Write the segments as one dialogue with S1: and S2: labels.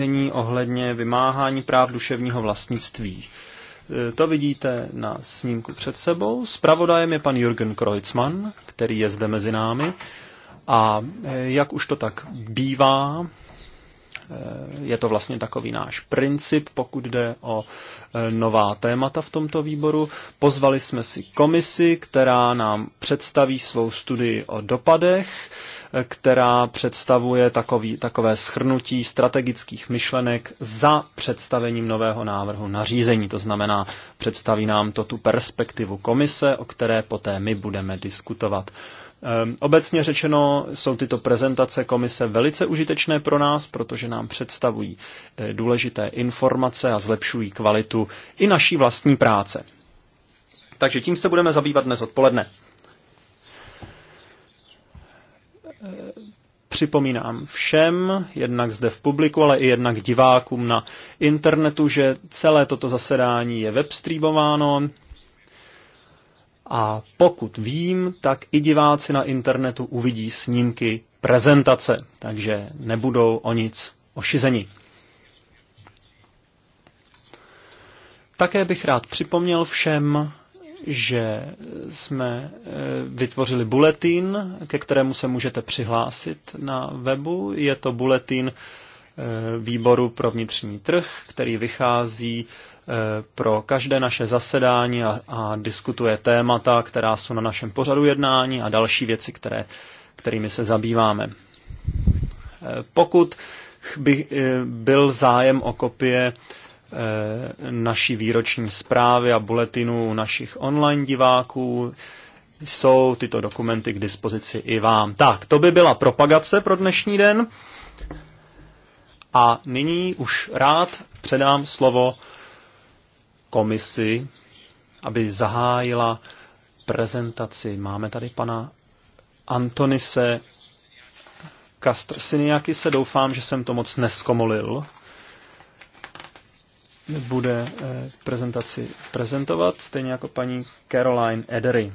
S1: nařízení ohledně vymáhání práv duševního vlastnictví. E, to vidíte na snímku před sebou. Spravodajem je pan Jürgen Kreuzmann, který je zde mezi námi. A e, jak už to tak bývá, Eh, je to vlastně takový náš princip, pokud jde o eh, nová témata v tomto výboru. Pozvali jsme si komisi, která nám představí svou studii o dopadech, eh, která představuje takový, takové schrnutí strategických myšlenek za představením nového návrhu nařízení. To znamená, představí nám to tu perspektivu komise, o které poté my budeme diskutovat. Ehm, obecně řečeno jsou tyto prezentace komise velice užitečné pro nás, protože nám představují eh, důležité informace a zlepšují kvalitu i naší vlastní práce. Takže tím se budeme zabývat dnes odpoledne. Eh, připomínám všem, jednak zde v publiku, ale i jednak divákům na internetu, že celé toto zasedání je webstreamováno, a pokud vím, tak i diváci na internetu uvidí snímky prezentace, takže nebudou o nic ošizeni. Také bych rád připomněl všem, že jsme eh, vytvořili buletín, ke kterému se můžete přihlásit na webu. Je to buletín eh, výboru pro vnitřní trh, který vychází Eh, pro každé naše zasedání a, a diskutuje témata, která jsou na našem pořadu jednání a další věci, které, kterými se zabýváme. Eh, pokud by eh, byl zájem o kopie naší výroční zprávy a buletinu našich online diváků, jsou tyto dokumenty k dispozici i vám. Tak, to by byla propagace pro dnešní den. A nyní už rád předám slovo komisi, aby zahájila prezentaci. Máme tady pana Antonise Kastrsiniaky se doufám, že jsem to moc neskomolil. Bude eh, prezentaci prezentovat, stejně jako paní Caroline Edery.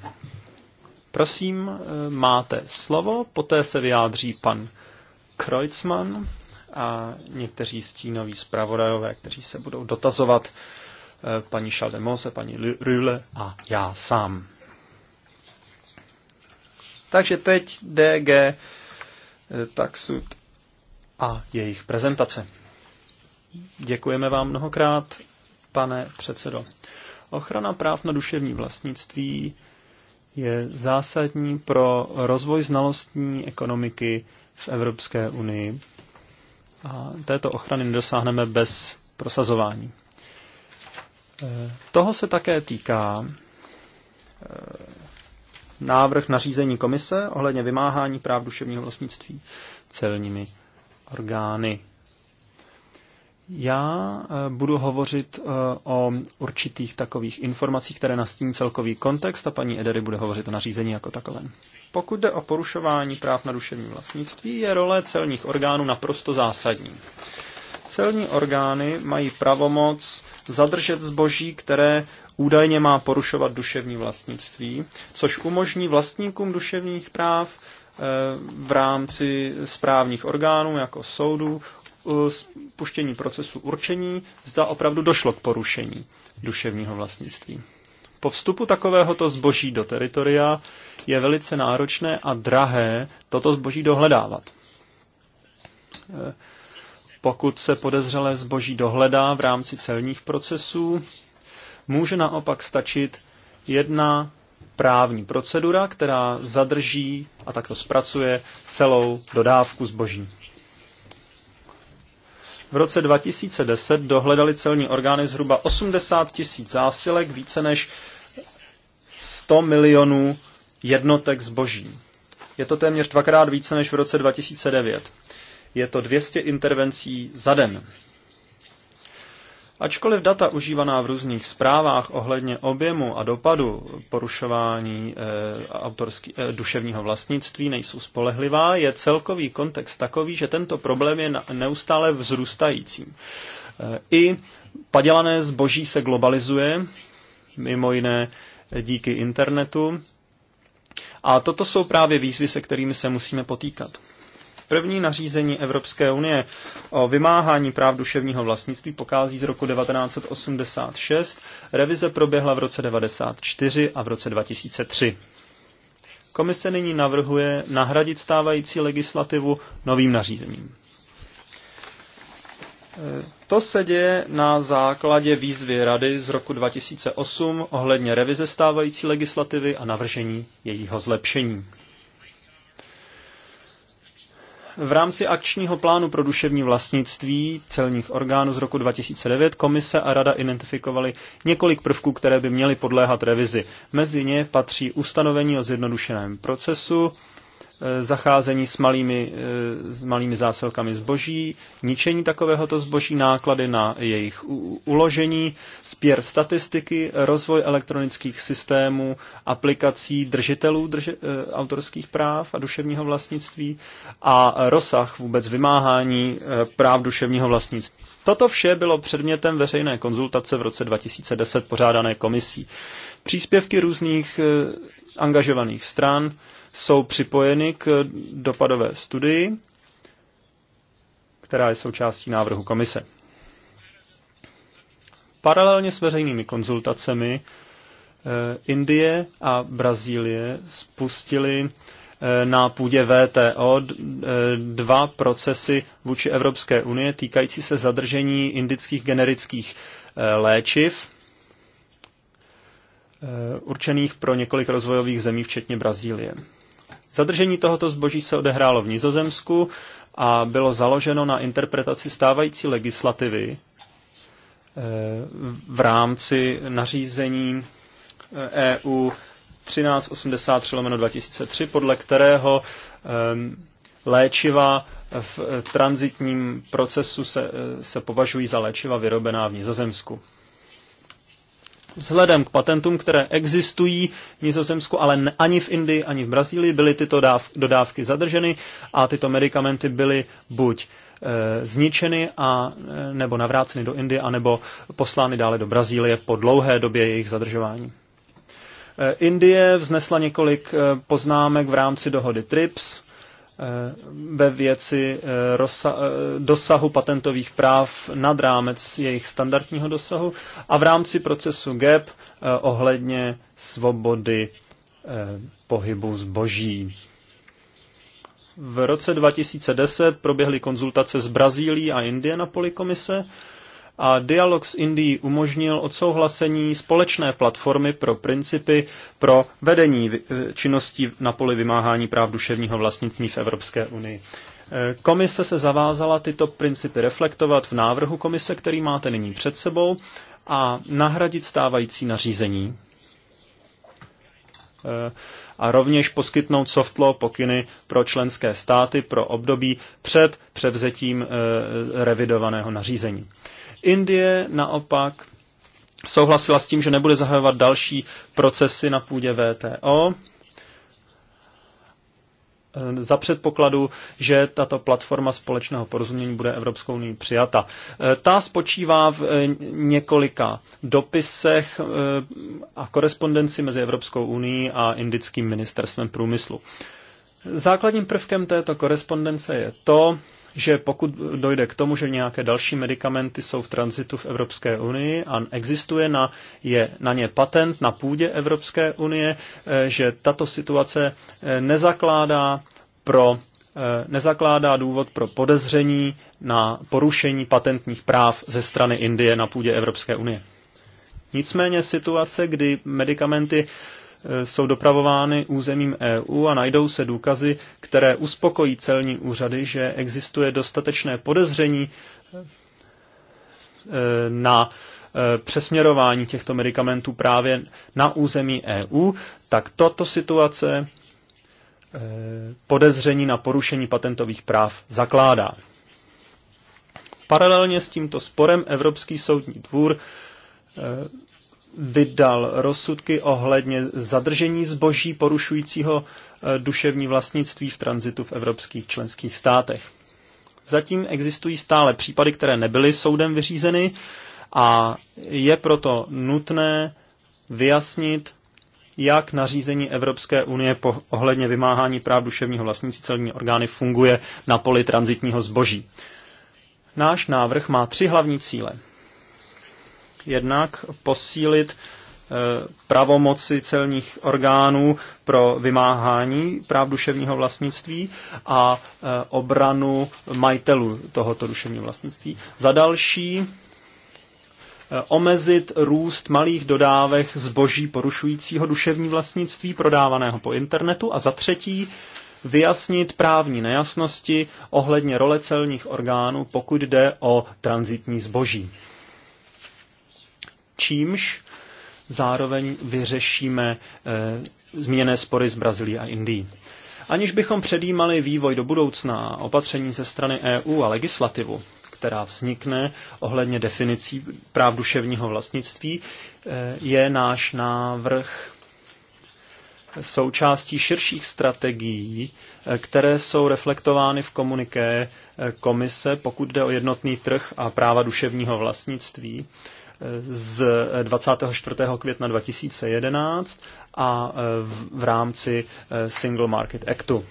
S1: Prosím, eh, máte slovo, poté se vyjádří pan Kreutzmann a někteří stínoví zpravodajové, kteří se budou dotazovat Eh, paní Šaldemose, paní Rühle a já sám. Takže teď DG eh, Taxud a jejich prezentace. Děkujeme vám mnohokrát, pane předsedo. Ochrana práv na duševní vlastnictví je zásadní pro rozvoj znalostní ekonomiky v Evropské unii. A této ochrany nedosáhneme bez prosazování. Toho se také týká eh, návrh nařízení komise ohledně vymáhání práv duševního vlastnictví celními orgány. Já eh, budu hovořit eh, o určitých takových informacích, které nastíní celkový kontext a paní Edery bude hovořit o nařízení jako takovém. Pokud jde o porušování práv na duševní vlastnictví, je role celních orgánů naprosto zásadní. Celní orgány mají pravomoc zadržet zboží, které údajně má porušovat duševní vlastnictví, což umožní vlastníkům duševních práv eh, v rámci správních orgánů jako soudu, eh, spuštění procesu určení, zda opravdu došlo k porušení duševního vlastnictví. Po vstupu takovéhoto zboží do teritoria je velice náročné a drahé toto zboží dohledávat. Eh, pokud se podezřelé zboží dohledá v rámci celních procesů, může naopak stačit jedna právní procedura, která zadrží a takto zpracuje celou dodávku zboží. V roce 2010 dohledali celní orgány zhruba 80 tisíc zásilek, více než 100 milionů jednotek zboží. Je to téměř dvakrát více než v roce 2009 je to 200 intervencí za den. Ačkoliv data užívaná v různých zprávách ohledně objemu a dopadu porušování e, autorský, e, duševního vlastnictví nejsou spolehlivá, je celkový kontext takový, že tento problém je neustále vzrůstající. E, I padělané zboží se globalizuje, mimo jiné díky internetu, a toto jsou právě výzvy, se kterými se musíme potýkat. První nařízení Evropské unie o vymáhání práv duševního vlastnictví pokází z roku 1986, revize proběhla v roce 1994 a v roce 2003. Komise nyní navrhuje nahradit stávající legislativu novým nařízením. To se děje na základě výzvy Rady z roku 2008 ohledně revize stávající legislativy a navržení jejího zlepšení. V rámci akčního plánu pro duševní vlastnictví celních orgánů z roku 2009 komise a rada identifikovaly několik prvků, které by měly podléhat revizi. Mezi ně patří ustanovení o zjednodušeném procesu, Eh, zacházení s malými, eh, s malými zásilkami zboží, ničení takovéhoto zboží, náklady na jejich uložení, sběr statistiky, rozvoj elektronických systémů, aplikací držitelů drži, eh, autorských práv a duševního vlastnictví a rozsah vůbec vymáhání práv duševního vlastnictví. Toto vše bylo předmětem veřejné konzultace v roce 2010 pořádané komisí. Příspěvky různých angažovaných stran, jsou připojeny k dopadové studii, která je součástí návrhu komise. Paralelně s veřejnými konzultacemi eh, Indie a Brazílie spustily eh, na půdě VTO eh, dva procesy vůči Evropské unie týkající se zadržení indických generických léčiv Eh, určených pro několik rozvojových zemí, včetně Brazílie. Zadržení tohoto zboží se odehrálo v Nizozemsku a bylo založeno na interpretaci stávající legislativy eh, v rámci nařízení EU eh, e 1383-2003, podle kterého léčiva v transitním procesu se, se považují za léčiva vyrobená v Nizozemsku. Vzhledem k patentům, které existují v Nizozemsku, ale ani v Indii, ani v Brazílii, byly tyto dáv, dodávky zadrženy a tyto medicamenty byly buď eh, zničeny a, eh, nebo navráceny do Indie, anebo poslány dále do Brazílie po dlouhé době jejich zadržování. Eh, Indie vznesla několik poznámek v rámci dohody TRIPS Eh, ve věci eh, eh, dosahu patentových práv nad rámec jejich standardního dosahu a v rámci procesu GAP e ohledně svobody pohybu zboží. V roce 2010 proběhly konzultace s Brazílií a Indie na polikomise komise a dialog s Indií umožnil odsouhlasení společné platformy pro principy pro vedení e, činností na poli vymáhání práv duševního vlastnictví v Evropské unii. E, komise se zavázala tyto principy reflektovat v návrhu komise, který máte nyní před sebou, a nahradit stávající nařízení. E, a rovněž poskytnout softlo pokyny pro členské státy pro období před převzetím eh, revidovaného nařízení. Indie naopak souhlasila s tím, že nebude zahajovat další procesy na půdě VTO, Eh, za předpokladu, že tato platforma společného porozumění bude Evropskou unii přijata. Eh, ta spočívá v eh, několika dopisech a korespondenci mezi Evropskou unii a Indickým ministerstvem průmyslu. Základním prvkem této korespondence je to, že pokud dojde k tomu, že nějaké další medicamenty jsou v tranzitu v Evropské unii a existuje na, je, na ně patent na půdě Evropské unie, eh, že tato situace eh, nezakládá pro eh, nezakládá důvod pro podezření na porušení patentních práv ze strany Indie na půdě Evropské unie. Nicméně situace, kdy medicamenty Eh, jsou dopravovány územím EU a najdou se důkazy, které uspokojí celní úřady, že existuje dostatečné podezření eh, na eh, přesměrování těchto medicamentů právě na území EU, tak toto situace podezření na porušení patentových práv zakládá. Paralelně s tímto sporem Evropský soudní dvůr vydal rozsudky ohledně zadržení zboží porušujícího eh, duševní vlastnictví v tranzitu v evropských členských státech. Zatím existují stále případy, které nebyly soudem vyřízeny a je proto nutné vyjasnit, jak nařízení Evropské unie po ohledně vymáhání práv duševního vlastnictví celní orgány funguje na poli transitního zboží. Náš návrh má tři hlavní cíle. Jednak posílit eh, pravomoci celních orgánů pro vymáhání práv duševního vlastnictví a eh, obranu majitelů tohoto duševního vlastnictví. Za další eh, omezit růst malých dodávek zboží porušujícího duševní vlastnictví prodávaného po internetu a za třetí vyjasnit právní nejasnosti ohledně role celních orgánů, pokud jde o transitní zboží čímž zároveň vyřešíme eh, zmíněné spory s Brazílií a Indií. Aniž bychom předjímali vývoj do budoucna opatření ze strany EU a legislativu, která vznikne ohledně definicí práv duševního vlastnictví, eh, je náš návrh součástí širších strategií, eh, které jsou reflektovány v komuniké komise, pokud jde o jednotný trh a práva duševního vlastnictví, z 24. Eh, května 2011 a eh, v rámci eh, Single Market Actu.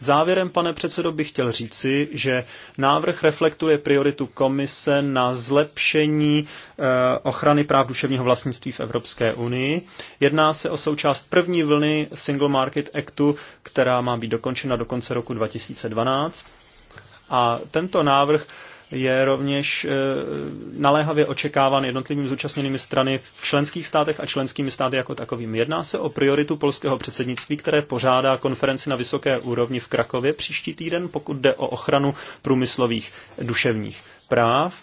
S1: Závěrem, pane předsedo, bych chtěl říci, že návrh reflektuje prioritu komise na zlepšení ochrany práv duševního vlastnictví v Evropské unii. Jedná se o součást první vlny Single Market Actu, která má být dokončena do konce roku 2012. A tento návrh je rovněž eh, naléhavě očekáván jednotlivými zúčastněnými strany v členských státech a členskými státy jako takovým. Jedná se o prioritu polského předsednictví, které pořádá konferenci na vysoké úrovni v Krakově příští týden, pokud jde o ochranu průmyslových duševních práv.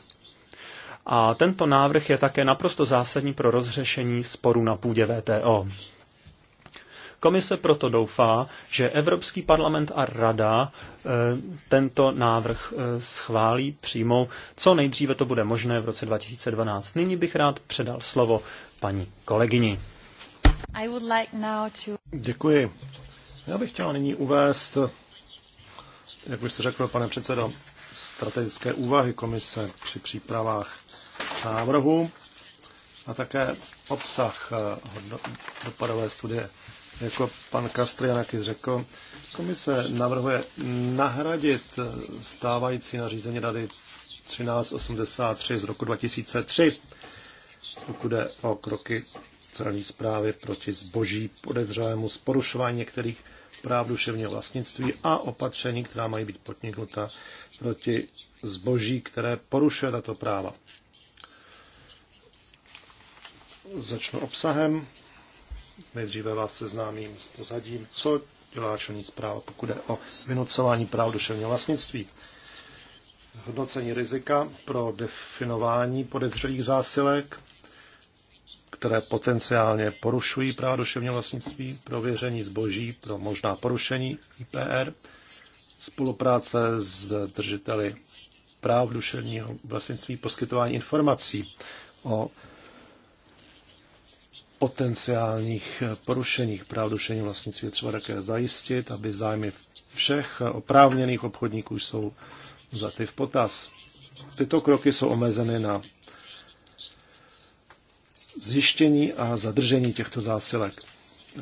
S1: A tento návrh je také naprosto zásadní pro rozřešení sporu na půdě VTO. Komise proto doufá, že Evropský parlament a Rada eh, tento návrh eh, schválí, přijmou. Co nejdříve to bude možné v roce 2012. Nyní bych rád předal slovo paní kolegyni.
S2: I would like now to... Děkuji. Já bych chtěla nyní uvést, jak už se řekl, pane předsedo, strategické úvahy komise při přípravách návrhu a také obsah eh, dopadové studie jako pan Kastrianakis řekl, komise navrhuje nahradit stávající nařízení Rady 1383 z roku 2003, pokud jde o kroky celní zprávy proti zboží podezřelému z porušování některých práv duševního vlastnictví a opatření, která mají být podniknuta proti zboží, které porušuje tato práva. Začnu obsahem Nejdříve vás seznámím s pozadím, co dělá člení zpráva, pokud je o vynucování práv duševního vlastnictví. Hodnocení rizika pro definování podezřelých zásilek, které potenciálně porušují práva duševního vlastnictví, prověření zboží pro možná porušení IPR, spolupráce s držiteli práv duševního vlastnictví, poskytování informací o potenciálních eh, porušeních práv duševní vlastnictví je třeba také zajistit, aby zájmy všech eh, oprávněných obchodníků jsou vzaty v potaz. Tyto kroky jsou omezeny na zjištění a zadržení těchto zásilek.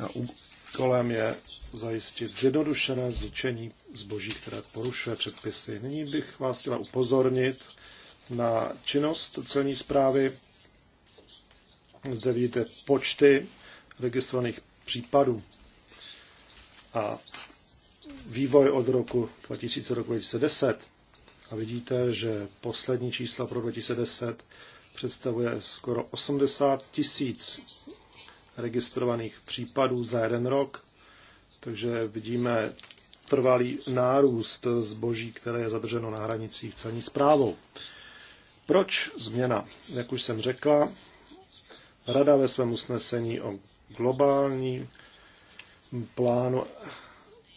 S2: A úkolem je zajistit zjednodušené zničení zboží, které porušuje předpisy. Nyní bych vás chtěla upozornit na činnost celní zprávy zde vidíte počty registrovaných případů a vývoj od roku 2000 do roku 2010. A vidíte, že poslední čísla pro 2010 představuje skoro 80 tisíc registrovaných případů za jeden rok. Takže vidíme trvalý nárůst zboží, které je zadrženo na hranicích celní zprávou. Proč změna? Jak už jsem řekla, Rada ve svém usnesení o globální plánu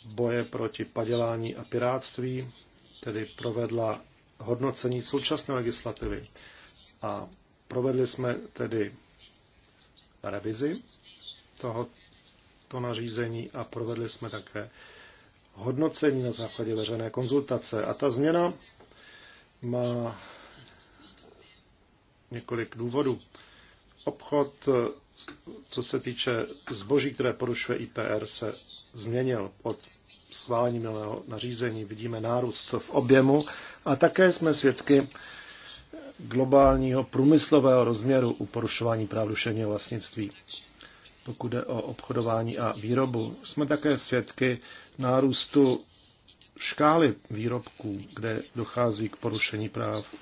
S2: boje proti padělání a pirátství, tedy provedla hodnocení současné legislativy. A provedli jsme tedy revizi tohoto nařízení a provedli jsme také hodnocení na základě veřejné konzultace. A ta změna má několik důvodů. Obchod, co se týče zboží, které porušuje IPR, se změnil od schválení nového nařízení. Vidíme nárůst v objemu a také jsme svědky globálního průmyslového rozměru u porušování práv duševního vlastnictví. Pokud jde o obchodování a výrobu, jsme také svědky nárůstu škály výrobků, kde dochází k porušení práv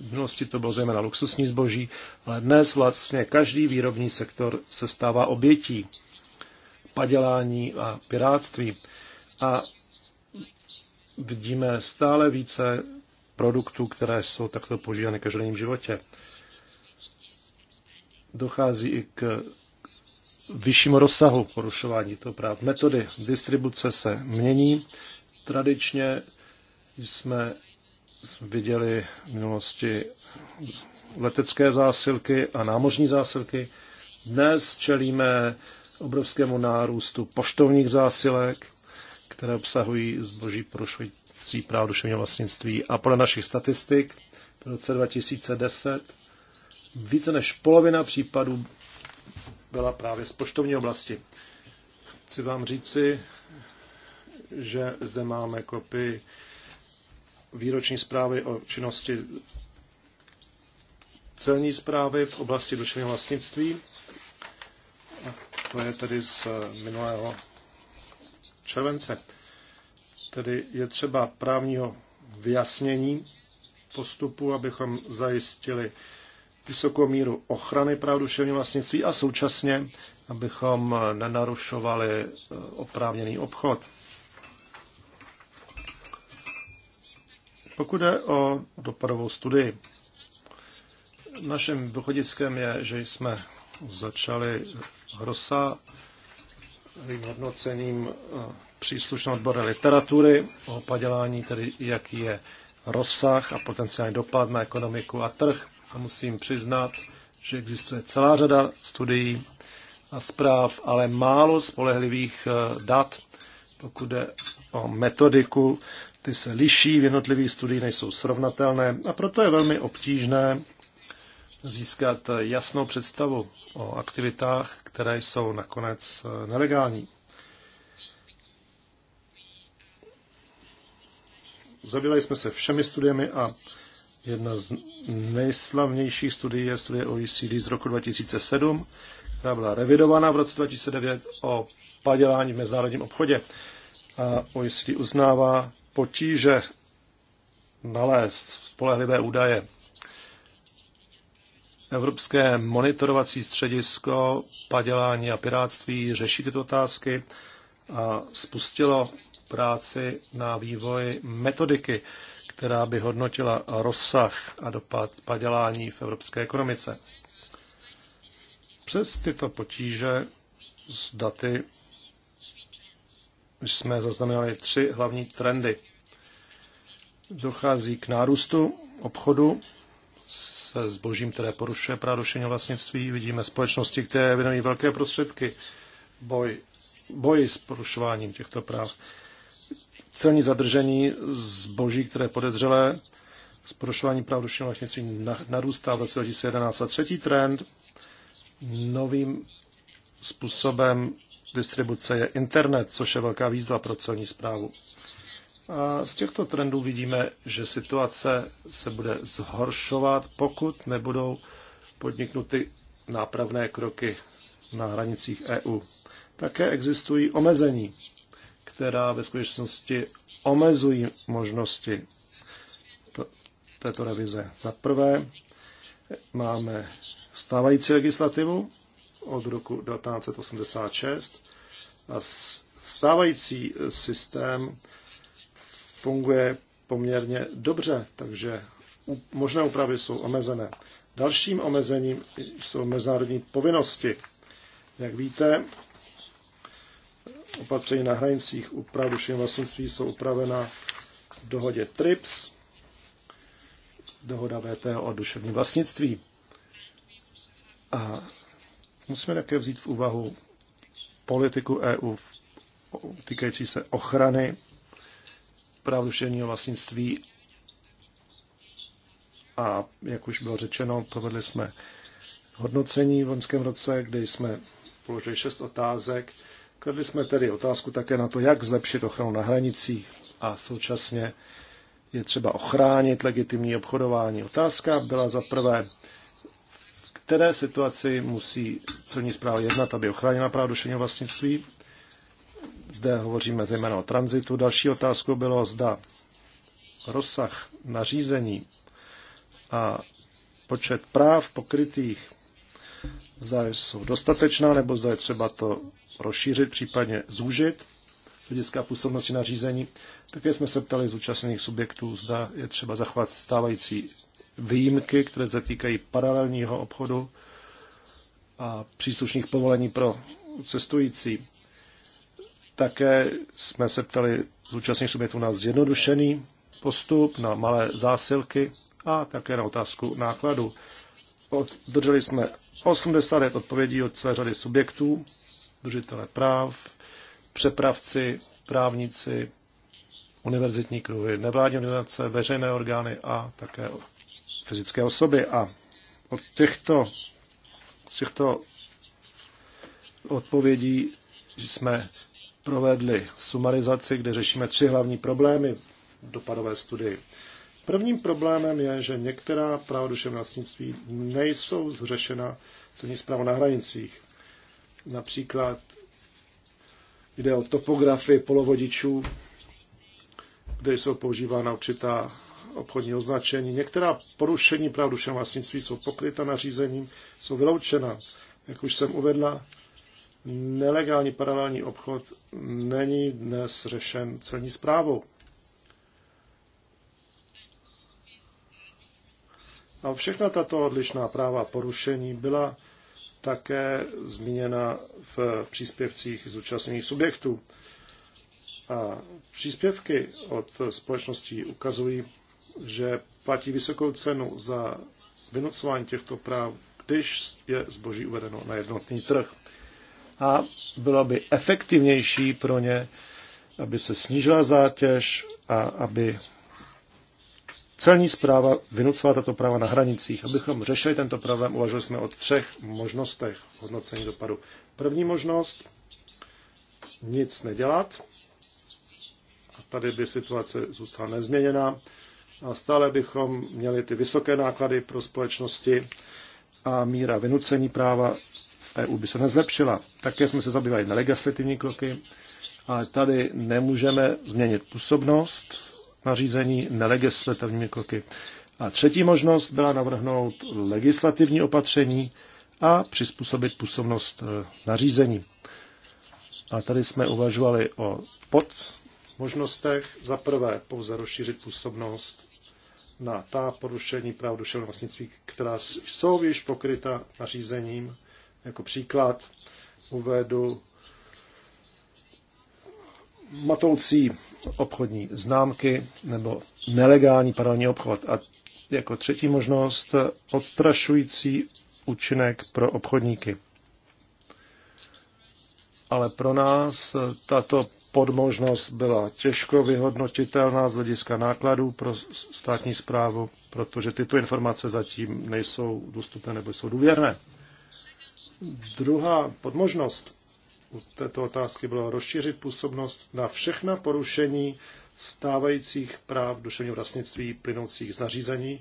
S2: v minulosti to bylo zejména luxusní zboží, ale dnes vlastně každý výrobní sektor se stává obětí padělání a piráctví. A vidíme stále více produktů, které jsou takto používány v každodenním životě. Dochází i k vyššímu rozsahu porušování toho práv. Metody distribuce se mění. Tradičně jsme viděli v minulosti letecké zásilky a námořní zásilky. Dnes čelíme obrovskému nárůstu poštovních zásilek, které obsahují zboží porušující práv duševního vlastnictví. A podle našich statistik v roce 2010 více než polovina případů byla právě z poštovní oblasti. Chci vám říci, že zde máme kopii výroční zprávy o činnosti celní zprávy v oblasti duševního vlastnictví. A to je tedy z minulého července. Tedy je třeba právního vyjasnění postupu, abychom zajistili vysokou míru ochrany práv duševního vlastnictví a současně, abychom nenarušovali eh, oprávněný obchod. Pokud je o dopadovou studii, naším východiskem je, že jsme začali hrosa hodnocením eh, příslušné odborné literatury o padělání, tedy jaký je rozsah a potenciální dopad na ekonomiku a trh. A musím přiznat, že existuje celá řada studií a zpráv, ale málo spolehlivých eh, dat, pokud jde o metodiku ty se liší v jednotlivých studiích, nejsou srovnatelné a proto je velmi obtížné získat jasnou představu o aktivitách, které jsou nakonec nelegální. Zabývali jsme se všemi studiemi a jedna z nejslavnějších studií je studie OECD z roku 2007, která byla revidována v roce 2009 o padělání v mezinárodním obchodě. A OECD uznává, potíže nalézt spolehlivé údaje. Evropské monitorovací středisko padělání a piráctví řeší tyto otázky a spustilo práci na vývoj metodiky, která by hodnotila rozsah a dopad padělání v evropské ekonomice. Přes tyto potíže s daty jsme zaznamenali tři hlavní trendy. Dochází k nárůstu obchodu se zbožím, které porušuje prádušení vlastnictví. Vidíme společnosti, které věnují velké prostředky boj, boji s porušováním těchto práv. Celní zadržení zboží, které je podezřelé z porušování práv duševního vlastnictví narůstá v roce 2011. A třetí trend novým způsobem distribuce je internet, což je velká výzva pro celní zprávu. A z těchto trendů vidíme, že situace se bude zhoršovat, pokud nebudou podniknuty nápravné kroky na hranicích EU. Také existují omezení, která ve skutečnosti omezují možnosti této revize. Za prvé máme stávající legislativu, od roku 1986 a stávající systém funguje poměrně dobře, takže možné úpravy jsou omezené. Dalším omezením jsou mezinárodní povinnosti. Jak víte, opatření na hranicích úprav duševního vlastnictví jsou upravena v dohodě TRIPS, dohoda VTO o duševním vlastnictví. A Musíme také vzít v úvahu politiku EU týkající se ochrany práv duševního vlastnictví a jak už bylo řečeno, provedli jsme hodnocení v loňském roce, kde jsme položili šest otázek. Kladli jsme tedy otázku také na to, jak zlepšit ochranu na hranicích a současně je třeba ochránit legitimní obchodování. Otázka byla za prvé, které situaci musí celní zpráva jednat, aby ochránila právo duševního vlastnictví. Zde hovoříme zejména o tranzitu. Další otázkou bylo, zda rozsah nařízení a počet práv pokrytých zda jsou dostatečná, nebo zda je třeba to rozšířit, případně zúžit z hlediska působnosti nařízení. Také jsme se ptali zúčastněných subjektů, zda je třeba zachovat stávající výjimky, které se týkají paralelního obchodu a příslušných povolení pro cestující. Také jsme se ptali zúčastněných subjektů na zjednodušený postup, na malé zásilky a také na otázku nákladu. Drželi jsme 80 odpovědí od celé řady subjektů, držitele práv, přepravci, právníci, univerzitní kruhy, nevládní organizace, veřejné orgány a také fyzické osoby. A od těchto, z těchto odpovědí jsme provedli sumarizaci, kde řešíme tři hlavní problémy dopadové studii. Prvním problémem je, že některá práva duševního vlastnictví nejsou zřešena celní zpráva na hranicích. Například jde o topografii polovodičů, kde jsou používána určitá Obchodní označení. Některá porušení práv duševního vlastnictví jsou pokryta nařízením, jsou vyloučena. Jak už jsem uvedla, nelegální paralelní obchod není dnes řešen celní zprávou. A všechna tato odlišná práva porušení byla také zmíněna v příspěvcích zúčastněných subjektů. A příspěvky od společností ukazují, že platí vysokou cenu za vynucování těchto práv, když je zboží uvedeno na jednotný trh. A bylo by efektivnější pro ně, aby se snížila zátěž a aby celní zpráva vynucovala tato práva na hranicích. Abychom řešili tento problém, uvažili jsme o třech možnostech hodnocení dopadu. První možnost, nic nedělat. A tady by situace zůstala nezměněná a stále bychom měli ty vysoké náklady pro společnosti a míra vynucení práva EU by se nezlepšila. Také jsme se zabývali na legislativní kroky, ale tady nemůžeme změnit působnost nařízení nelegislativními kroky. A třetí možnost byla navrhnout legislativní opatření a přizpůsobit působnost e, nařízení. A tady jsme uvažovali o pod možnostech. Za prvé pouze rozšířit působnost na ta porušení práv duševního vlastnictví, která jsou již pokryta nařízením. Jako příklad uvedu matoucí obchodní známky nebo nelegální paralelní obchod. A jako třetí možnost odstrašující účinek pro obchodníky ale pro nás tato podmožnost byla těžko vyhodnotitelná z hlediska nákladů pro státní zprávu, protože tyto informace zatím nejsou dostupné nebo jsou důvěrné. Druhá podmožnost u této otázky byla rozšířit působnost na všechna porušení stávajících práv duševního vlastnictví plynoucích z nařízení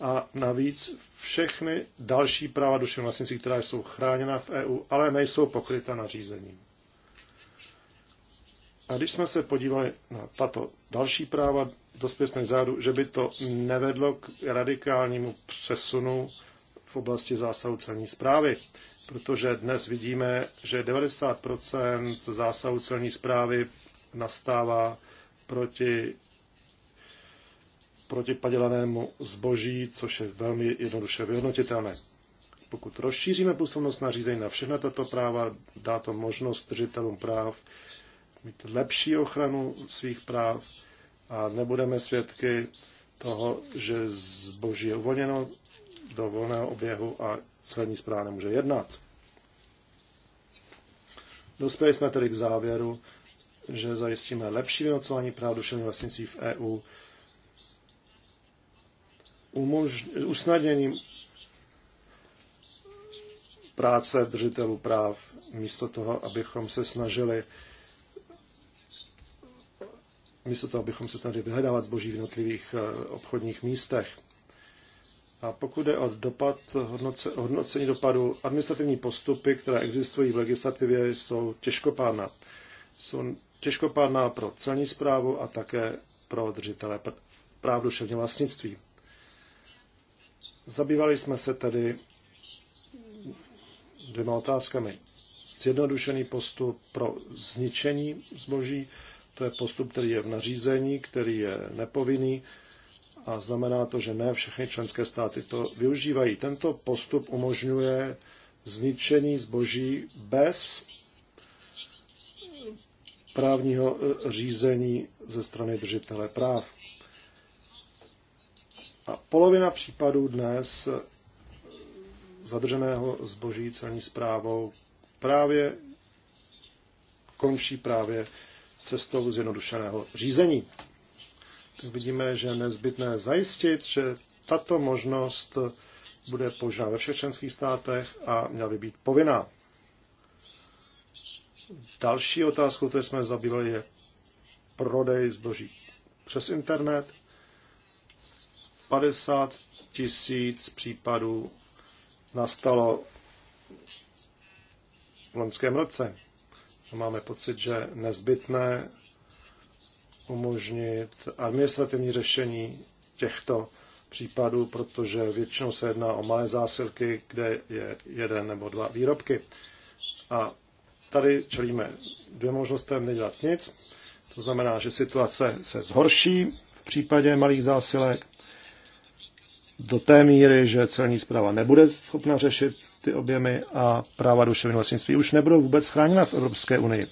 S2: a navíc všechny další práva duševního vlastnictví, která jsou chráněna v EU, ale nejsou pokryta nařízením. A když jsme se podívali na tato další práva, dospěli jsme k zádu, že by to nevedlo k radikálnímu přesunu v oblasti zásahu celní zprávy, protože dnes vidíme, že 90 zásahu celní zprávy nastává proti, proti padělanému zboží, což je velmi jednoduše vyhodnotitelné. Pokud rozšíříme působnost nařízení na všechna tato práva, dá to možnost držitelům práv mít lepší ochranu svých práv a nebudeme svědky toho, že zboží je uvolněno do volného oběhu a celní zpráva nemůže jednat. Dospěli jsme tedy k závěru, že zajistíme lepší vynocování práv duševní vlastnictví v EU umož- usnadněním práce držitelů práv, místo toho, abychom se snažili místo toho, abychom se snažili vyhledávat zboží v jednotlivých eh, obchodních místech. A pokud jde o dopad, hodnoce, hodnocení dopadu, administrativní postupy, které existují v legislativě, jsou těžkopádná. Jsou těžkopádná pro celní zprávu a také pro držitele práv duševního vlastnictví. Zabývali jsme se tedy dvěma otázkami. Zjednodušený postup pro zničení zboží to je postup, který je v nařízení, který je nepovinný a znamená to, že ne všechny členské státy to využívají. Tento postup umožňuje zničení zboží bez právního eh, řízení ze strany držitele práv. A polovina případů dnes eh, zadrženého zboží celní zprávou právě končí právě cestou zjednodušeného řízení. Tak vidíme, že je nezbytné zajistit, že tato možnost bude použita ve všech členských státech a měla by být povinná. Další otázkou, kterou jsme zabývali, je prodej zboží přes internet. 50 tisíc případů nastalo v loňském roce. A máme pocit, že nezbytné umožnit administrativní řešení těchto případů, protože většinou se jedná o malé zásilky, kde je jeden nebo dva výrobky. A tady čelíme dvě možnosti nedělat nic. To znamená, že situace se zhorší v případě malých zásilek do té míry, že celní zpráva nebude schopna řešit ty objemy a práva duševního vlastnictví už nebudou vůbec chráněna v Evropské unii.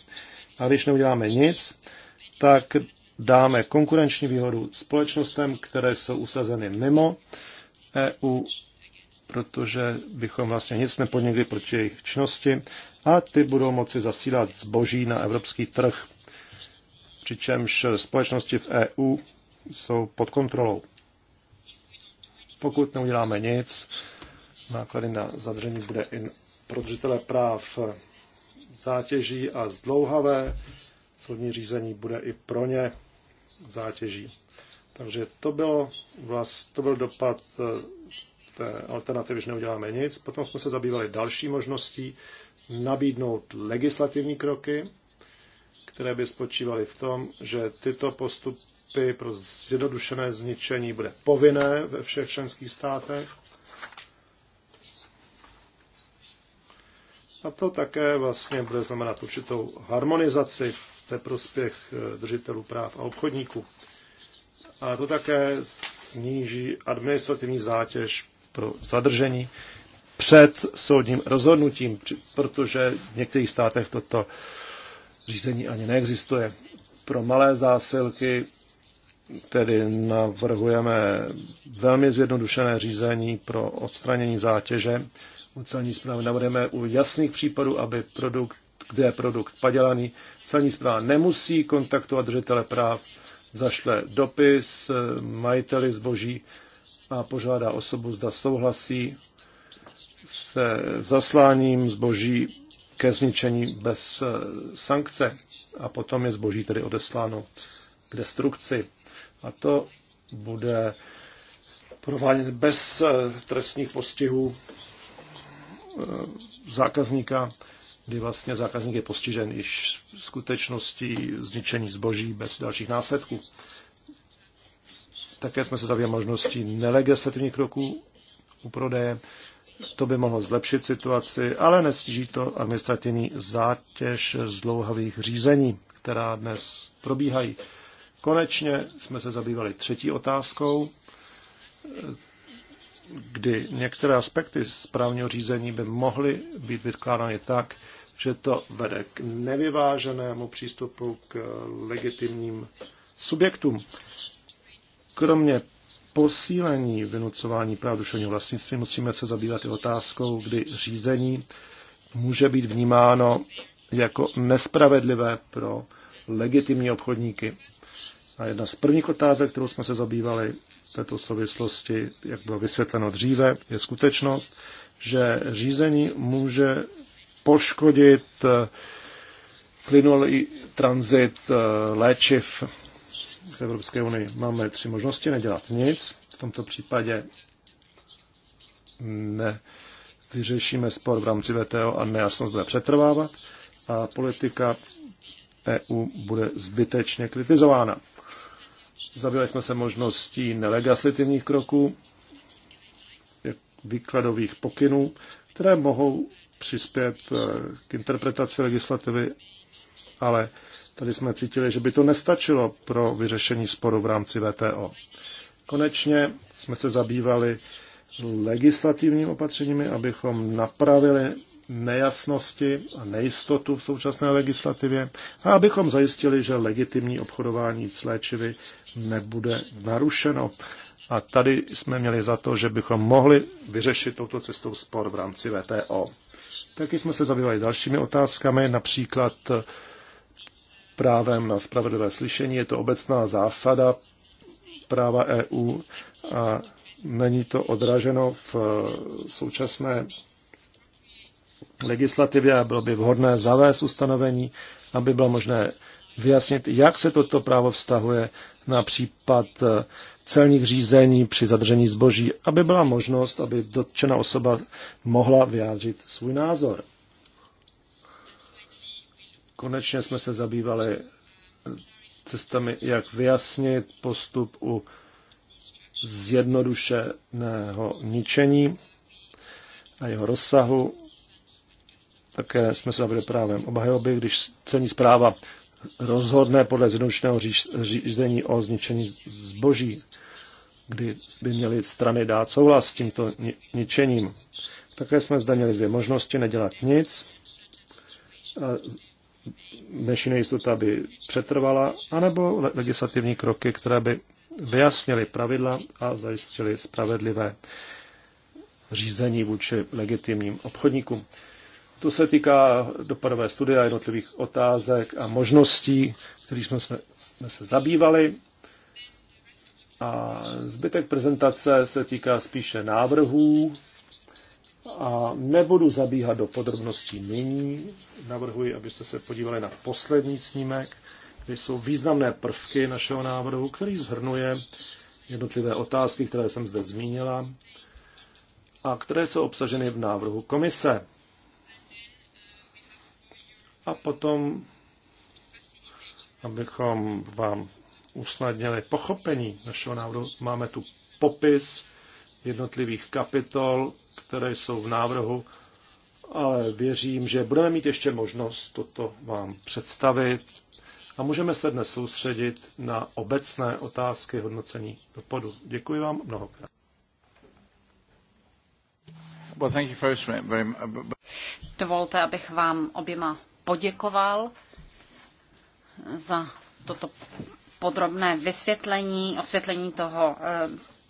S2: A když neuděláme nic, tak dáme konkurenční výhodu společnostem, které jsou usazeny mimo EU, protože bychom vlastně nic nepodnikli proti jejich činnosti a ty budou moci zasílat zboží na evropský trh, přičemž společnosti v EU jsou pod kontrolou. Pokud neuděláme nic, náklady na zadržení bude i pro držitele práv zátěží a zdlouhavé. Soudní řízení bude i pro ně zátěží. Takže to, bylo vlast, to byl dopad eh, té alternativy, že neuděláme nic. Potom jsme se zabývali další možností nabídnout legislativní kroky, které by spočívaly v tom, že tyto postupy pro zjednodušené zničení bude povinné ve všech členských státech A to také vlastně bude znamenat určitou harmonizaci ve prospěch eh, držitelů práv a obchodníků. A to také sníží administrativní zátěž pro zadržení před soudním rozhodnutím, protože v některých státech toto řízení ani neexistuje. Pro malé zásilky tedy navrhujeme velmi zjednodušené řízení pro odstranění zátěže u celní zprávy navrhujeme u jasných případů, aby produkt, kde je produkt padělaný, celní zpráva nemusí kontaktovat držitele práv, zašle dopis eh, majiteli zboží a požádá osobu, zda souhlasí se zasláním zboží ke zničení bez eh, sankce a potom je zboží tedy odesláno k destrukci. A to bude prováděn bez eh, trestních postihů Eh, zákazníka, kdy vlastně zákazník je postižen již skutečností zničení zboží bez dalších následků. Také jsme se zabývali možností nelegislativních kroků u prodeje. To by mohlo zlepšit situaci, ale nestíží to administrativní zátěž zdlouhavých řízení, která dnes probíhají. Konečně jsme se zabývali třetí otázkou, kdy některé aspekty správního řízení by mohly být vykládány tak, že to vede k nevyváženému přístupu k legitimním subjektům. Kromě posílení vynucování práv duševního vlastnictví musíme se zabývat i otázkou, kdy řízení může být vnímáno jako nespravedlivé pro legitimní obchodníky. A jedna z prvních otázek, kterou jsme se zabývali, této souvislosti, jak bylo vysvětleno dříve, je skutečnost, že řízení může poškodit eh, plynulý i tranzit eh, léčiv v Evropské unii. Máme tři možnosti nedělat nic. V tomto případě ne, vyřešíme spor v rámci VTO a nejasnost bude přetrvávat a politika EU bude zbytečně kritizována. Zabývali jsme se možností nelegislativních kroků, výkladových pokynů, které mohou přispět eh, k interpretaci legislativy, ale tady jsme cítili, že by to nestačilo pro vyřešení sporu v rámci VTO. Konečně jsme se zabývali legislativními opatřeními, abychom napravili nejasnosti a nejistotu v současné legislativě a abychom zajistili, že legitimní obchodování s léčivy nebude narušeno. A tady jsme měli za to, že bychom mohli vyřešit touto cestou spor v rámci VTO. Taky jsme se zabývali dalšími otázkami, například právem na spravedlivé slyšení. Je to obecná zásada práva EU a není to odraženo v současné legislativě a bylo by vhodné zavést ustanovení, aby bylo možné vyjasnit, jak se toto právo vztahuje na případ eh, celních řízení při zadržení zboží, aby byla možnost, aby dotčená osoba mohla vyjádřit svůj názor. Konečně jsme se zabývali cestami, jak vyjasnit postup u zjednodušeného ničení a jeho rozsahu. Také jsme se zabývali právem obhajoby, když cení zpráva rozhodne podle zjednodušeného řízení o zničení zboží, kdy by měly strany dát souhlas s tímto ničením. Také jsme zde měli dvě možnosti, nedělat nic, dnešní nejistota by přetrvala, anebo legislativní kroky, které by vyjasnily pravidla a zajistily spravedlivé řízení vůči legitimním obchodníkům. To se týká dopadové studie a jednotlivých otázek a možností, který jsme, jsme, jsme se zabývali. A zbytek prezentace se týká spíše návrhů a nebudu zabíhat do podrobností nyní. Navrhuji, abyste se podívali na poslední snímek, kde jsou významné prvky našeho návrhu, který zhrnuje jednotlivé otázky, které jsem zde zmínila a které jsou obsaženy v návrhu komise a potom, abychom vám usnadnili pochopení našeho návrhu, máme tu popis jednotlivých kapitol, které jsou v návrhu, ale věřím, že budeme mít ještě možnost toto vám představit a můžeme se dnes soustředit na obecné otázky hodnocení dopadu. Děkuji vám mnohokrát.
S3: Dovolte, abych vám oběma poděkoval za toto podrobné vysvětlení, osvětlení toho eh,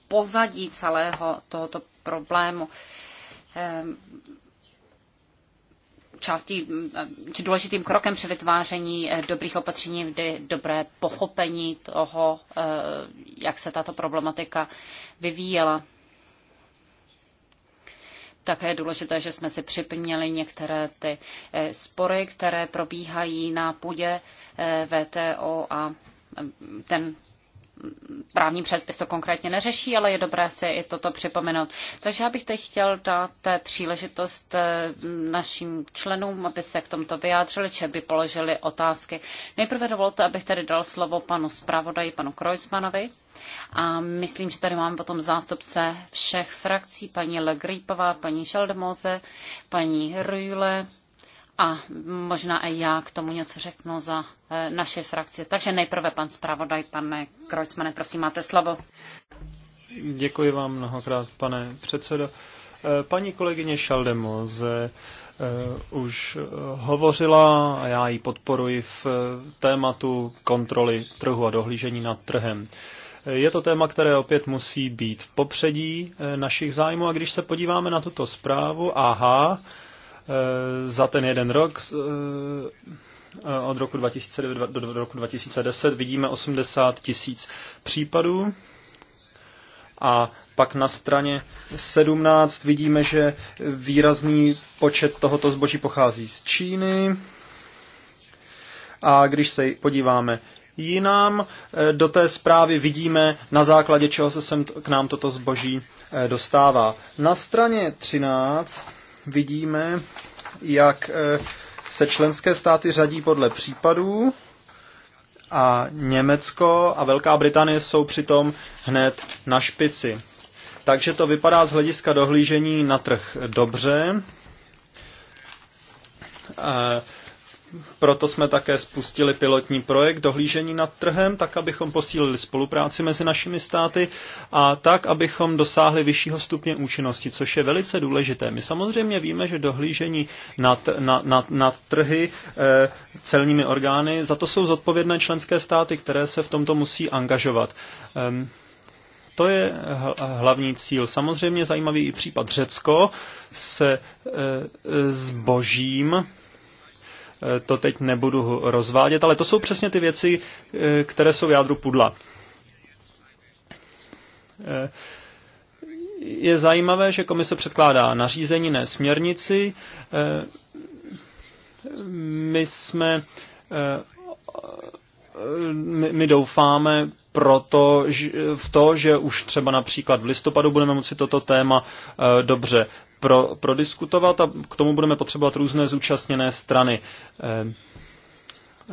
S3: pozadí celého tohoto problému. Eh, částí, eh, či důležitým krokem při vytváření dobrých opatření je dobré pochopení toho, jak se tato problematika vyvíjela. Také je důležité, že jsme si připomněli některé ty eh, spory, které probíhají na půdě eh, VTO a mm, ten právní předpis to konkrétně neřeší, ale je dobré si i toto připomenout. Takže já bych teď chtěl dát příležitost eh, našim členům, aby se k tomuto vyjádřili, či by položili otázky. Nejprve dovolte, abych tedy dal slovo panu zpravodaji, panu Krojcmanovi. A myslím, že tady máme potom zástupce všech frakcí, paní Legripová, paní Šeldemose, paní Rujle, a možná i já k tomu něco řeknu za eh, naše frakci. Takže nejprve pan zpravodaj, pane Krojcmane, prosím, máte slovo.
S1: Děkuji vám mnohokrát, pane předsedo. Eh, paní kolegyně Šaldemoze eh, už hovořila a já ji podporuji v tématu kontroly trhu a dohlížení nad trhem. Je to téma, které opět musí být v popředí našich zájmů a když se podíváme na tuto zprávu, aha, Eh, za ten jeden rok eh, od roku 2009 do roku 2010 vidíme 80 tisíc případů a pak na straně 17 vidíme, že výrazný počet tohoto zboží pochází z Číny. A když se podíváme jinam, eh, do té zprávy vidíme, na základě čeho se sem k nám toto zboží dostává. Na straně 13 vidíme, jak eh, se členské státy řadí podle případů a Německo a Velká Británie jsou přitom hned na špici. Takže to vypadá z hlediska dohlížení na trh dobře. E proto jsme také spustili pilotní projekt dohlížení nad trhem, tak abychom posílili spolupráci mezi našimi státy a tak, abychom dosáhli vyššího stupně účinnosti, což je velice důležité. My samozřejmě víme, že dohlížení nad, nad, nad, nad trhy e, celními orgány, za to jsou zodpovědné členské státy, které se v tomto musí angažovat. E, to je hlavní cíl. Samozřejmě zajímavý i případ Řecko se e, eh, zbožím eh, to teď nebudu rozvádět, ale to jsou přesně ty věci, eh, které jsou v jádru pudla. Eh, je zajímavé, že komise předkládá nařízení, ne směrnici. Eh, my jsme my, doufáme proto, v to, že už třeba například v listopadu budeme moci toto téma dobře pro, prodiskutovat a k tomu budeme potřebovat různé zúčastněné strany. Ehm,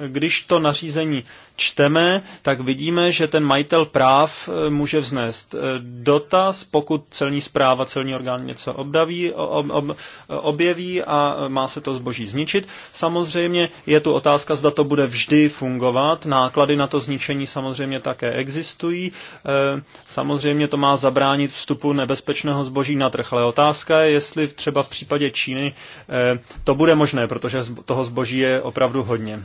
S1: když to nařízení čteme, tak vidíme, že ten majitel práv e, může vznést e, dotaz, pokud celní zpráva, celní orgán něco obdaví, ob, ob, e, objeví a má se to zboží zničit. Samozřejmě je tu otázka, zda to bude vždy fungovat. Náklady na to zničení samozřejmě také existují. Samozřejmě to má zabránit vstupu nebezpečného zboží na trh, ale otázka je, jestli třeba v případě Číny to bude možné, protože toho zboží je opravdu hodně.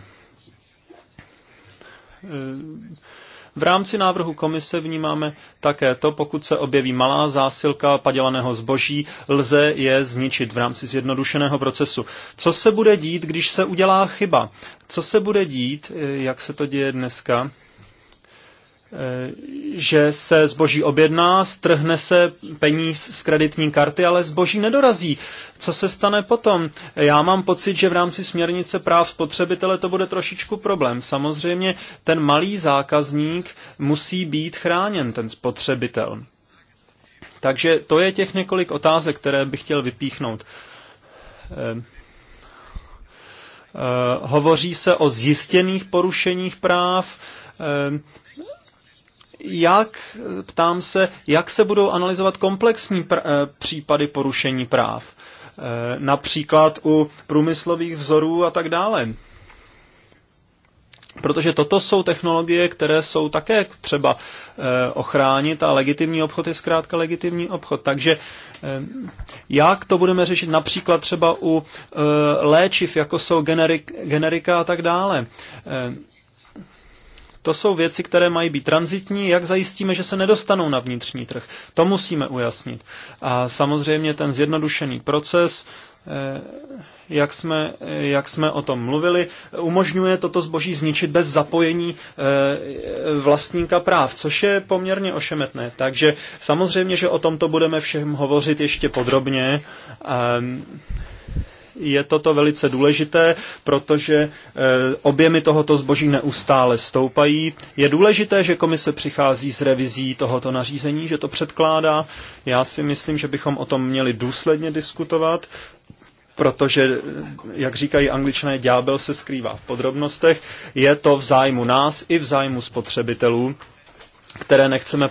S1: V rámci návrhu komise vnímáme také to, pokud se objeví malá zásilka padělaného zboží, lze je zničit v rámci zjednodušeného procesu. Co se bude dít, když se udělá chyba? Co se bude dít, eh, jak se to děje dneska, Eh, že se zboží objedná, strhne se peníz z kreditní karty, ale zboží nedorazí. Co se stane potom? Já mám pocit, že v rámci směrnice práv spotřebitele to bude trošičku problém. Samozřejmě ten malý zákazník musí být chráněn, ten spotřebitel. Takže to je těch několik otázek, které bych chtěl vypíchnout. Ehm, eh, hovoří se o zjistěných porušeních práv, ehm, jak, ptám se, jak se budou analyzovat komplexní pr- eh, případy porušení práv, eh, například u průmyslových vzorů a tak dále. Protože toto jsou technologie, které jsou také třeba eh, ochránit a legitimní obchod je zkrátka legitimní obchod. Takže jak to budeme řešit například třeba u léčiv, jako jsou generik, generika a tak dále. To jsou věci, které mají být transitní. Jak zajistíme, že se nedostanou na vnitřní trh? To musíme ujasnit. A samozřejmě ten zjednodušený proces, eh, jak jsme, eh, jak jsme o tom mluvili, umožňuje toto zboží zničit bez zapojení eh, vlastníka práv, což je poměrně ošemetné. Takže samozřejmě, že o tomto budeme všem hovořit ještě podrobně je toto velice důležité, protože eh, objemy tohoto zboží neustále stoupají. Je důležité, že komise přichází s revizí tohoto nařízení, že to předkládá. Já si myslím, že bychom o tom měli důsledně diskutovat, protože, eh, jak říkají angličané, ďábel se skrývá v podrobnostech. Je to v zájmu nás i v zájmu spotřebitelů, které nechceme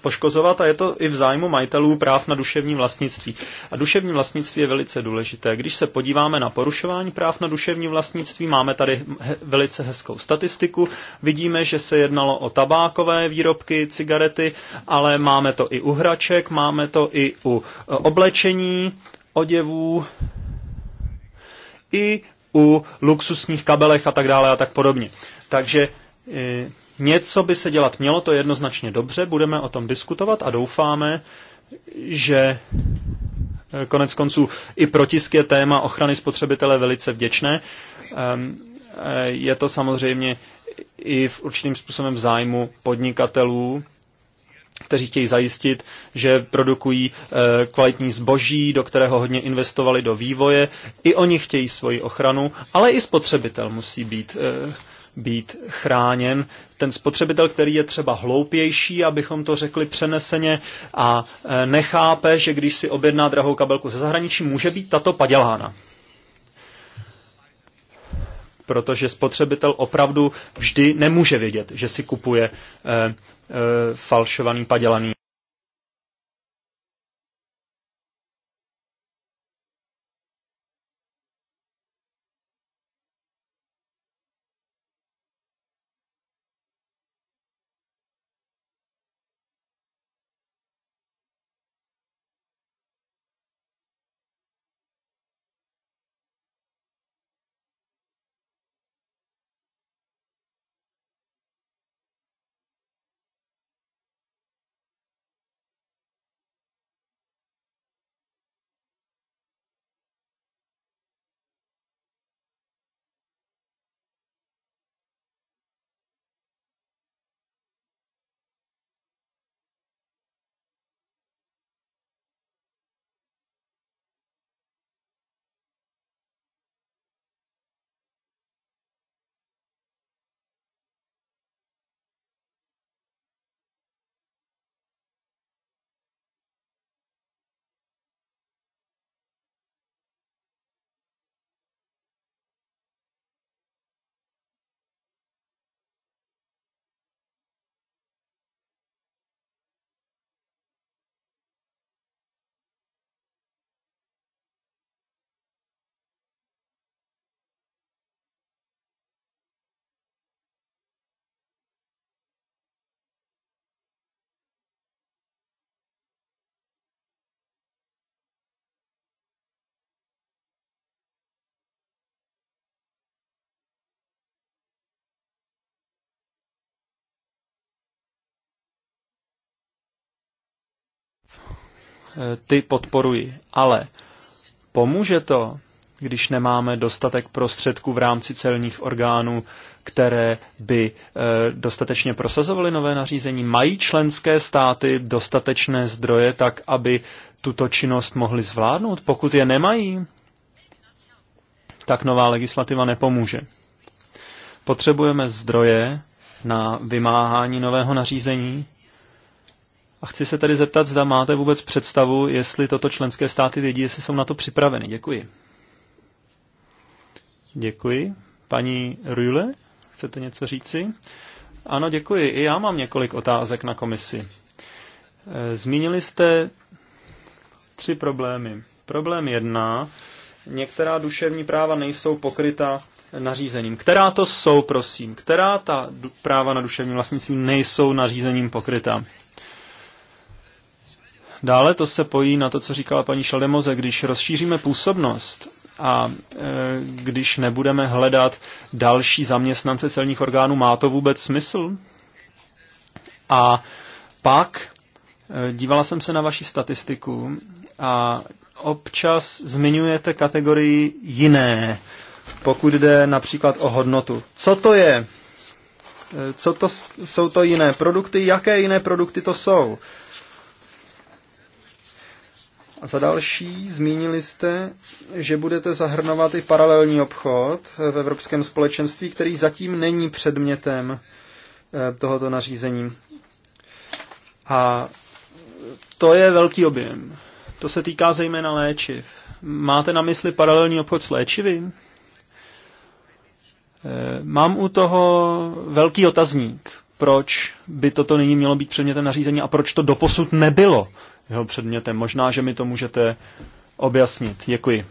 S1: poškozovat a je to i v zájmu majitelů práv na duševní vlastnictví. A duševní vlastnictví je velice důležité. Když se podíváme na porušování práv na duševní vlastnictví, máme tady he- velice hezkou statistiku. Vidíme, že se jednalo o tabákové výrobky, cigarety, ale máme to i u hraček, máme to i u e, oblečení, oděvů, i u luxusních kabelech a tak dále a tak podobně. Takže e, Něco by se dělat mělo, to je jednoznačně dobře, budeme o tom diskutovat a doufáme, že eh, konec konců i protisk je téma ochrany spotřebitele velice vděčné. Ehm, eh, je to samozřejmě i v určitým způsobem v zájmu podnikatelů, kteří chtějí zajistit, že produkují eh, kvalitní zboží, do kterého hodně investovali do vývoje. I oni chtějí svoji ochranu, ale i spotřebitel musí být být chráněn. Ten spotřebitel, který je třeba hloupější, abychom to řekli přeneseně, a e, nechápe, že když si objedná drahou kabelku ze zahraničí, může být tato padělána protože spotřebitel opravdu vždy nemůže vědět, že si kupuje e, e, falšovaný, padělaný Eh, ty podporuji. Ale pomůže to, když nemáme dostatek prostředků v rámci celních orgánů, které by eh, dostatečně prosazovaly nové nařízení? Mají členské státy dostatečné zdroje tak, aby tuto činnost mohli zvládnout? Pokud je nemají, tak nová legislativa nepomůže. Potřebujeme zdroje na vymáhání nového nařízení a chci se tady zeptat, zda máte vůbec představu, jestli toto členské státy vědí, jestli jsou na to připraveny. Děkuji. Děkuji. Paní Rühle, chcete něco říci? Ano, děkuji. I já mám několik otázek na komisi. Eh, zmínili jste tři problémy. Problém jedna, některá duševní práva nejsou pokryta nařízením. Která to jsou, prosím? Která ta práva na duševní vlastnictví nejsou nařízením pokryta? Dále to se pojí na to, co říkala paní Šaldemoze, když rozšíříme působnost a e, když nebudeme hledat další zaměstnance celních orgánů, má to vůbec smysl? A pak e, dívala jsem se na vaši statistiku a občas zmiňujete kategorii jiné, pokud jde například o hodnotu. Co to je? E, co to jsou to jiné produkty? Jaké jiné produkty to jsou? E, a za další zmínili jste, že budete zahrnovat i paralelní obchod v Evropském společenství, který zatím není předmětem eh, tohoto nařízení. A to je velký objem. To se týká zejména léčiv. Máte na mysli paralelní obchod s léčivy? Eh, mám u toho velký otazník, proč by toto nyní mělo být předmětem nařízení a proč to doposud nebylo jeho předmětem. Možná, že mi to můžete objasnit. Děkuji.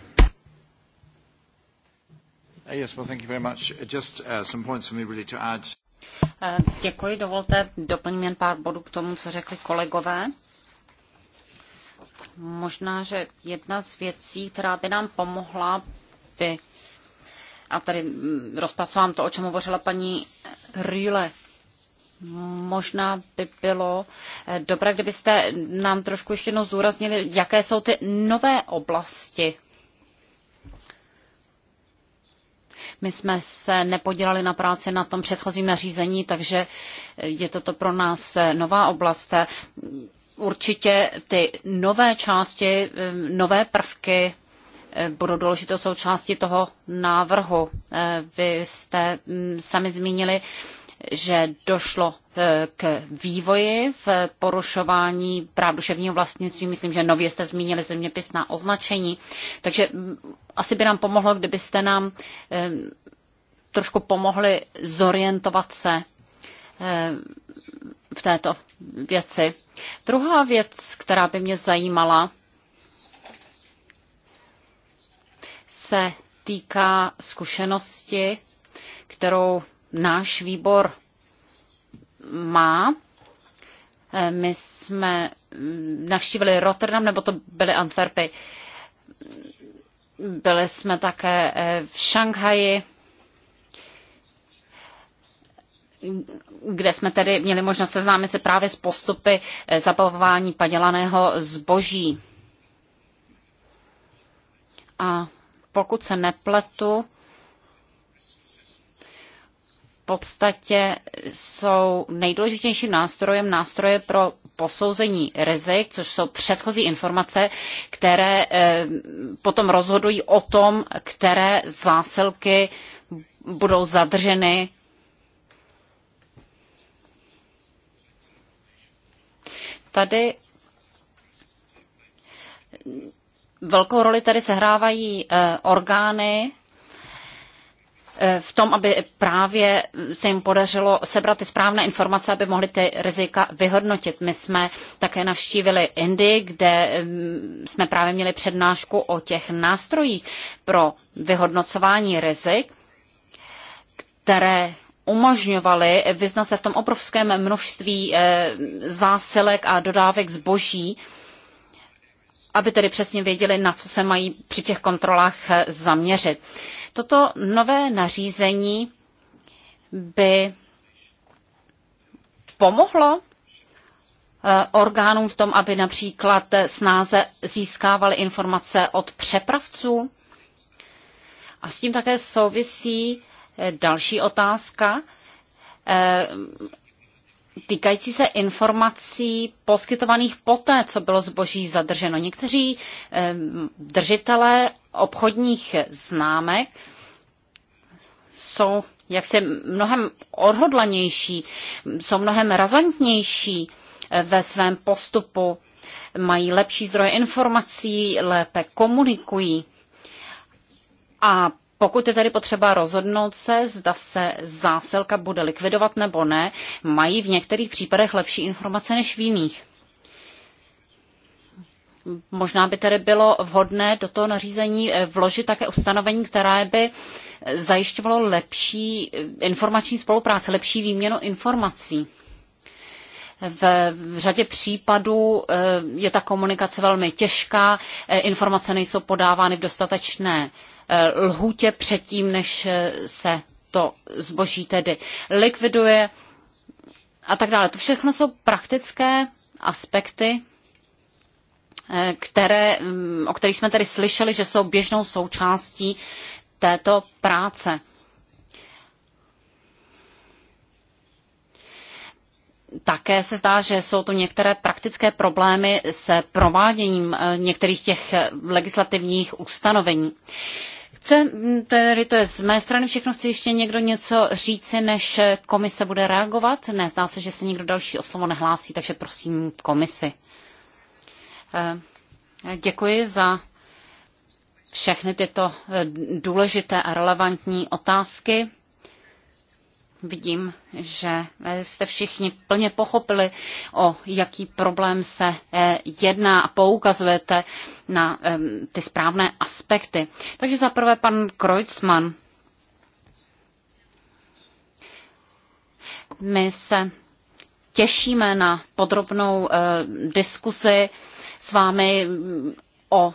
S3: Děkuji, dovolte, doplním jen pár bodů k tomu, co řekli kolegové. Možná, že jedna z věcí, která by nám pomohla, by, a tady mm, rozpracovám to, o čem hovořila paní Rýle, možná by bylo eh, dobré, kdybyste nám trošku ještě jednou zdůraznili, jaké jsou ty nové oblasti. My jsme se nepodělali na práci na tom předchozím nařízení, takže eh, je toto pro nás eh, nová oblast. Určitě ty nové části, nové prvky budou důležitou součástí toho návrhu. Vy jste mm, sami zmínili, že došlo e, k vývoji v porušování práv duševního vlastnictví. Myslím, že nově jste zmínili zeměpisná označení. Takže asi by nám pomohlo, kdybyste nám e, trošku pomohli zorientovat se e, v této věci. Druhá věc, která by mě zajímala, se týká zkušenosti, kterou náš výbor má. Eh, my jsme mm, navštívili Rotterdam, nebo to byly Antwerpy. Byli jsme také eh, v Šanghaji, kde jsme tedy měli možnost seznámit se právě s postupy eh, zabavování padělaného zboží. A pokud se nepletu, podstatě jsou nejdůležitějším nástrojem nástroje pro posouzení rizik, což jsou předchozí informace, které eh, potom rozhodují o tom, které zásilky budou zadrženy. Tady velkou roli tady sehrávají eh, orgány Eh, v tom, aby právě se jim podařilo sebrat ty správné informace, aby mohli ty rizika vyhodnotit. My jsme také navštívili Indii, kde mm, jsme právě měli přednášku o těch nástrojích pro vyhodnocování rizik, které umožňovaly vyznat se v tom obrovském množství eh, zásilek a dodávek zboží, aby tedy přesně věděli, na co se mají při těch kontrolách eh, zaměřit. Toto nové nařízení by pomohlo eh, orgánům v tom, aby například eh, snáze získávali informace od přepravců. A s tím také souvisí další otázka týkající se informací poskytovaných poté, co bylo zboží zadrženo. Někteří držitelé obchodních známek jsou jak mnohem odhodlanější, jsou mnohem razantnější eh, ve svém postupu, mají lepší zdroje informací, lépe komunikují. A pokud je tedy potřeba rozhodnout se, zda se zásilka bude likvidovat nebo ne, mají v některých případech lepší informace než v jiných. Možná by tedy bylo vhodné do toho nařízení eh, vložit také ustanovení, které by eh, zajišťovalo lepší eh, informační spolupráci, lepší výměnu informací. V řadě případů eh, je ta komunikace velmi těžká, eh, informace nejsou podávány v dostatečné eh, lhůtě předtím, než se to zboží tedy likviduje a tak dále. To všechno jsou praktické aspekty, které, mm, o kterých jsme tedy slyšeli, že jsou běžnou součástí této práce. také se zdá, že jsou to některé praktické problémy se prováděním eh, některých těch eh, legislativních ustanovení. Chce, hm, tedy to je z mé strany všechno, chce ještě někdo něco říci, než eh, komise bude reagovat? Ne, zdá se, že se někdo další o slovo nehlásí, takže prosím komisi. Děkuji za všechny tyto důležité a relevantní otázky. Vidím, že jste všichni plně pochopili, o jaký problém se eh, jedná a poukazujete na ty správné aspekty. Takže zaprvé pan Kreutzmann. My se těšíme na podrobnou eh, diskusi s vámi o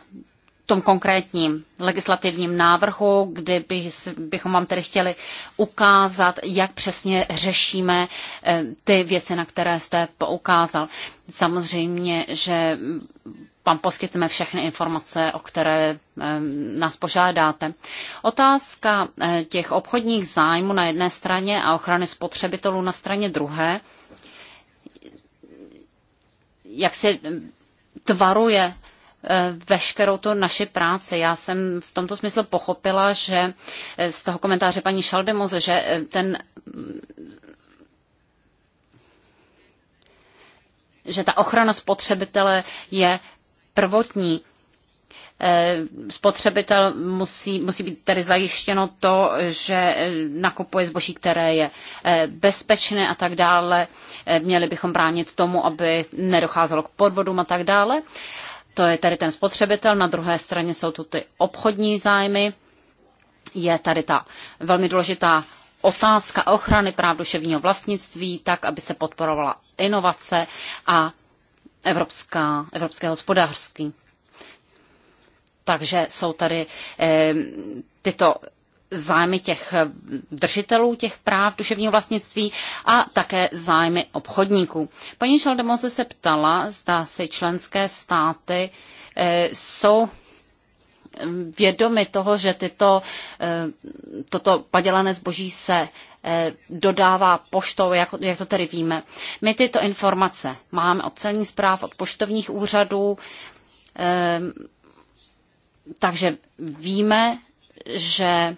S3: tom konkrétním legislativním návrhu, kdy bych, bychom vám tedy chtěli ukázat, jak přesně řešíme eh, ty věci, na které jste poukázal. Samozřejmě, že vám poskytneme všechny informace, o které eh, nás požádáte. Otázka eh, těch obchodních zájmů na jedné straně a ochrany spotřebitelů na straně druhé, jak se tvaruje Eh, veškerou tu naši práci. Já jsem v tomto smyslu pochopila, že eh, z toho komentáře paní Šaldemoze, že eh, ten že ta ochrana spotřebitele je prvotní. Spotřebitel musí, musí být tedy zajištěno to, že nakupuje zboží, které je bezpečné a tak dále. Měli bychom bránit tomu, aby nedocházelo k podvodům a tak dále. To je tady ten spotřebitel, na druhé straně jsou tu ty obchodní zájmy, je tady ta velmi důležitá otázka ochrany práv duševního vlastnictví, tak, aby se podporovala inovace a evropská, evropské hospodářství. Takže jsou tady e, tyto zájmy těch eh, držitelů těch práv duševního vlastnictví a také zájmy obchodníků. Paní Šaldemoze se ptala, zda si členské státy eh, jsou eh, vědomi toho, že tyto, toto padělané zboží se dodává poštou, jak, jak to tedy víme. My tyto informace máme od celní zpráv, od poštovních úřadů, takže víme, že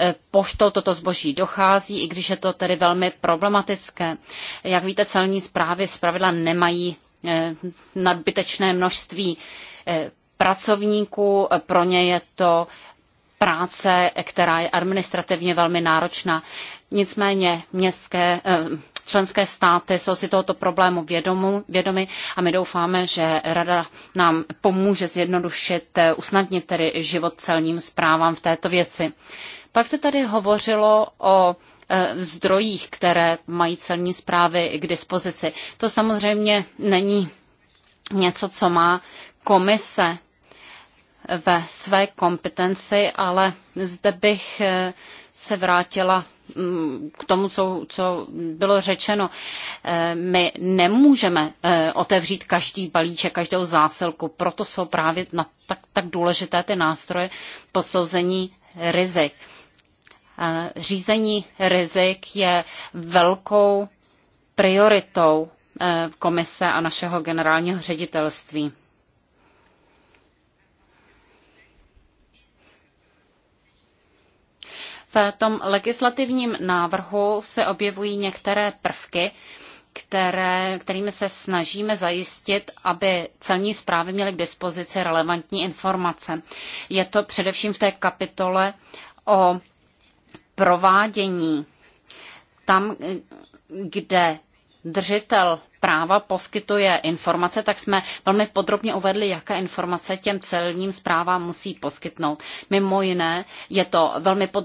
S3: E, poštou toto zboží dochází, i když je to tedy velmi problematické. Jak víte, celní zprávy zpravidla nemají e, nadbytečné množství e, pracovníků, pro ně je to práce, která je administrativně velmi náročná. Nicméně městské, členské státy jsou si tohoto problému vědomu, vědomi a my doufáme, že Rada nám pomůže zjednodušit, usnadnit tedy život celním zprávám v této věci. Pak se tady hovořilo o e, zdrojích, které mají celní zprávy k dispozici. To samozřejmě není něco, co má komise ve své kompetenci, ale zde bych e, se vrátila mm, k tomu, co, co bylo řečeno. E, my nemůžeme otevřít každý balíček, každou zásilku, proto jsou právě na tak, tak důležité ty nástroje posouzení rizik. Řízení rizik je velkou prioritou eh, komise a našeho generálního ředitelství. V tom legislativním návrhu se objevují některé prvky, které, kterými se snažíme zajistit, aby celní zprávy měly k dispozici relevantní informace. Je to především v té kapitole o provádění. Tam, kde držitel práva poskytuje informace, tak jsme velmi podrobně uvedli, jaké informace těm celním zprávám musí poskytnout. Mimo jiné je to velmi pod